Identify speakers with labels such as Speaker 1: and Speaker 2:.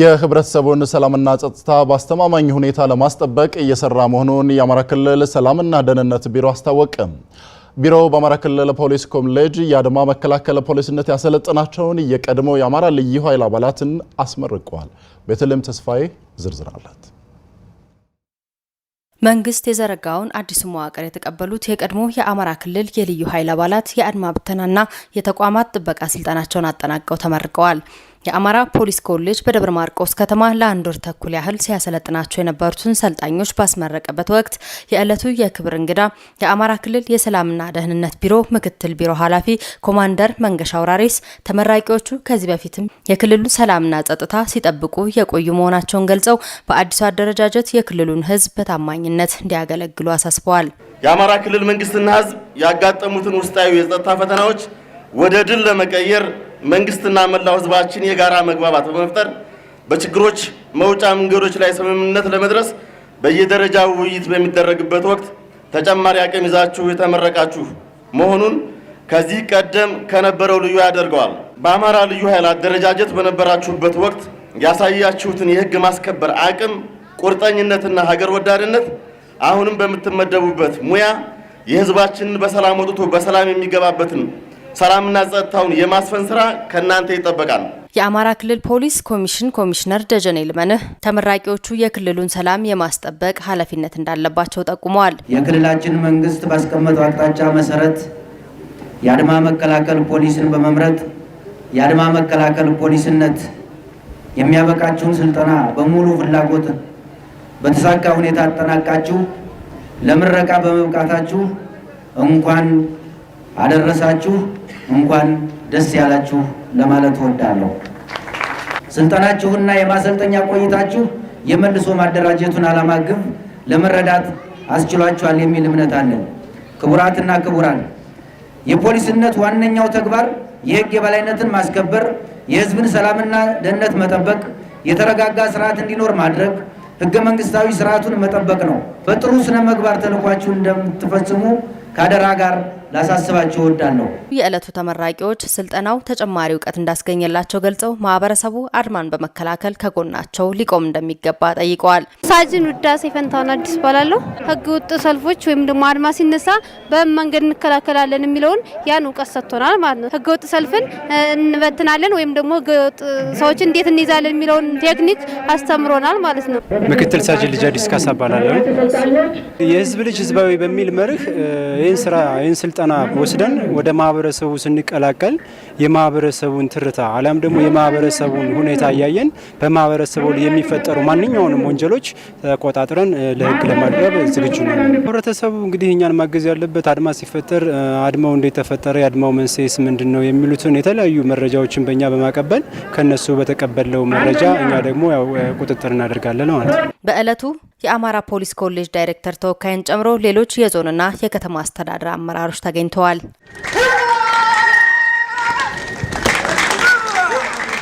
Speaker 1: የህብረተሰቡን ሰላምና ጸጥታ በአስተማማኝ ሁኔታ ለማስጠበቅ እየሰራ መሆኑን የአማራ ክልል ሰላምና ደህንነት ቢሮ አስታወቀ። ቢሮው በአማራ ክልል ፖሊስ ኮሌጅ የአድማ መከላከል ፖሊስነት ያሰለጠናቸውን የቀድሞ የአማራ ልዩ ኃይል አባላትን አስመርቋል። ቤተልሔም ተስፋዬ ዝርዝር አላት።
Speaker 2: መንግስት የዘረጋውን አዲስ መዋቅር የተቀበሉት የቀድሞ የአማራ ክልል የልዩ ኃይል አባላት የአድማ ብተናና የተቋማት ጥበቃ ስልጠናቸውን አጠናቀው ተመርቀዋል። የአማራ ፖሊስ ኮሌጅ በደብረ ማርቆስ ከተማ ለአንድ ወር ተኩል ያህል ሲያሰለጥናቸው የነበሩትን ሰልጣኞች ባስመረቀበት ወቅት የዕለቱ የክብር እንግዳ የአማራ ክልል የሰላምና ደህንነት ቢሮ ምክትል ቢሮ ኃላፊ ኮማንደር መንገሻ አውራሪስ ተመራቂዎቹ ከዚህ በፊትም የክልሉ ሰላምና ጸጥታ ሲጠብቁ የቆዩ መሆናቸውን ገልጸው በአዲሱ አደረጃጀት የክልሉን ሕዝብ በታማኝነት እንዲያገለግሉ አሳስበዋል።
Speaker 3: የአማራ ክልል መንግስትና ሕዝብ ያጋጠሙትን ውስጣዊ የጸጥታ ፈተናዎች ወደ ድል ለመቀየር መንግስትና መላው ህዝባችን የጋራ መግባባት በመፍጠር በችግሮች መውጫ መንገዶች ላይ ስምምነት ለመድረስ በየደረጃው ውይይት በሚደረግበት ወቅት ተጨማሪ አቅም ይዛችሁ የተመረቃችሁ መሆኑን ከዚህ ቀደም ከነበረው ልዩ ያደርገዋል። በአማራ ልዩ ኃይል አደረጃጀት በነበራችሁበት ወቅት ያሳያችሁትን የህግ ማስከበር አቅም፣ ቁርጠኝነትና ሀገር ወዳድነት አሁንም በምትመደቡበት ሙያ የህዝባችንን በሰላም ወጥቶ በሰላም የሚገባበትን ሰላምና ጸጥታውን የማስፈን ስራ ከእናንተ ይጠበቃል።
Speaker 2: የአማራ ክልል ፖሊስ ኮሚሽን ኮሚሽነር ደጀኔ ልመንህ ተመራቂዎቹ የክልሉን ሰላም የማስጠበቅ ኃላፊነት እንዳለባቸው ጠቁመዋል።
Speaker 4: የክልላችን መንግስት ባስቀመጠው አቅጣጫ መሰረት የአድማ መከላከል ፖሊስን በመምረጥ የአድማ መከላከል ፖሊስነት የሚያበቃችሁን ስልጠና በሙሉ ፍላጎት በተሳካ ሁኔታ አጠናቃችሁ ለምረቃ በመብቃታችሁ እንኳን አደረሳችሁ እንኳን ደስ ያላችሁ ለማለት እወዳለሁ። ስልጠናችሁና የማሰልጠኛ ቆይታችሁ የመልሶ ማደራጀቱን ዓላማ ግብ ለመረዳት አስችሏችኋል የሚል እምነት አለን። ክቡራትና ክቡራን፣ የፖሊስነት ዋነኛው ተግባር የህግ የበላይነትን ማስከበር፣ የህዝብን ሰላምና ደህንነት መጠበቅ፣ የተረጋጋ ስርዓት እንዲኖር ማድረግ፣ ህገ መንግስታዊ ስርዓቱን መጠበቅ ነው። በጥሩ ስነ ምግባር ተልዕኳችሁን እንደምትፈጽሙ ከአደራ ጋር ላሳስባቸው እወዳለሁ።
Speaker 2: የዕለቱ ተመራቂዎች ስልጠናው ተጨማሪ እውቀት እንዳስገኘላቸው ገልጸው ማህበረሰቡ አድማን በመከላከል ከጎናቸው ሊቆም እንደሚገባ ጠይቀዋል።
Speaker 5: ሳጅን ውዳሴ ፈንታውን አዲስ እባላለሁ። ህገ ወጥ ሰልፎች ወይም ደግሞ አድማ ሲነሳ መንገድ እንከላከላለን የሚለውን ያን እውቀት ሰጥቶናል ማለት ነው። ህገ ወጥ ሰልፍን እንበትናለን ወይም ደግሞ ህገ ወጥ ሰዎች እንዴት እንይዛለን የሚለውን ቴክኒክ አስተምሮናል ማለት ነው።
Speaker 6: ምክትል ሳጅን ልጅ አዲስ ካሳ እባላለሁ። የህዝብ ልጅ ህዝባዊ በሚል መርህ ይህን ስራ ይህን ስልጠና ወስደን ወደ ማህበረሰቡ ስንቀላቀል የማህበረሰቡን ትርታ አሊያም ደግሞ የማህበረሰቡን ሁኔታ እያየን በማህበረሰቡ የሚፈጠሩ ማንኛውንም ወንጀሎች ተቆጣጥረን ለህግ ለማቅረብ ዝግጁ ነው። ህብረተሰቡ እንግዲህ እኛን ማገዝ ያለበት አድማ ሲፈጠር አድማው እንዴት ተፈጠረ፣ የአድማው መንስኤስ ምንድን ነው የሚሉትን የተለያዩ መረጃዎችን በእኛ በማቀበል ከነሱ በተቀበለው መረጃ እኛ ደግሞ ቁጥጥር እናደርጋለን ማለት ነው።
Speaker 2: በእለቱ የአማራ ፖሊስ ኮሌጅ ዳይሬክተር ተወካይን ጨምሮ ሌሎች የዞንና የከተማ አስተዳደር አመራሮች ተገኝተዋል።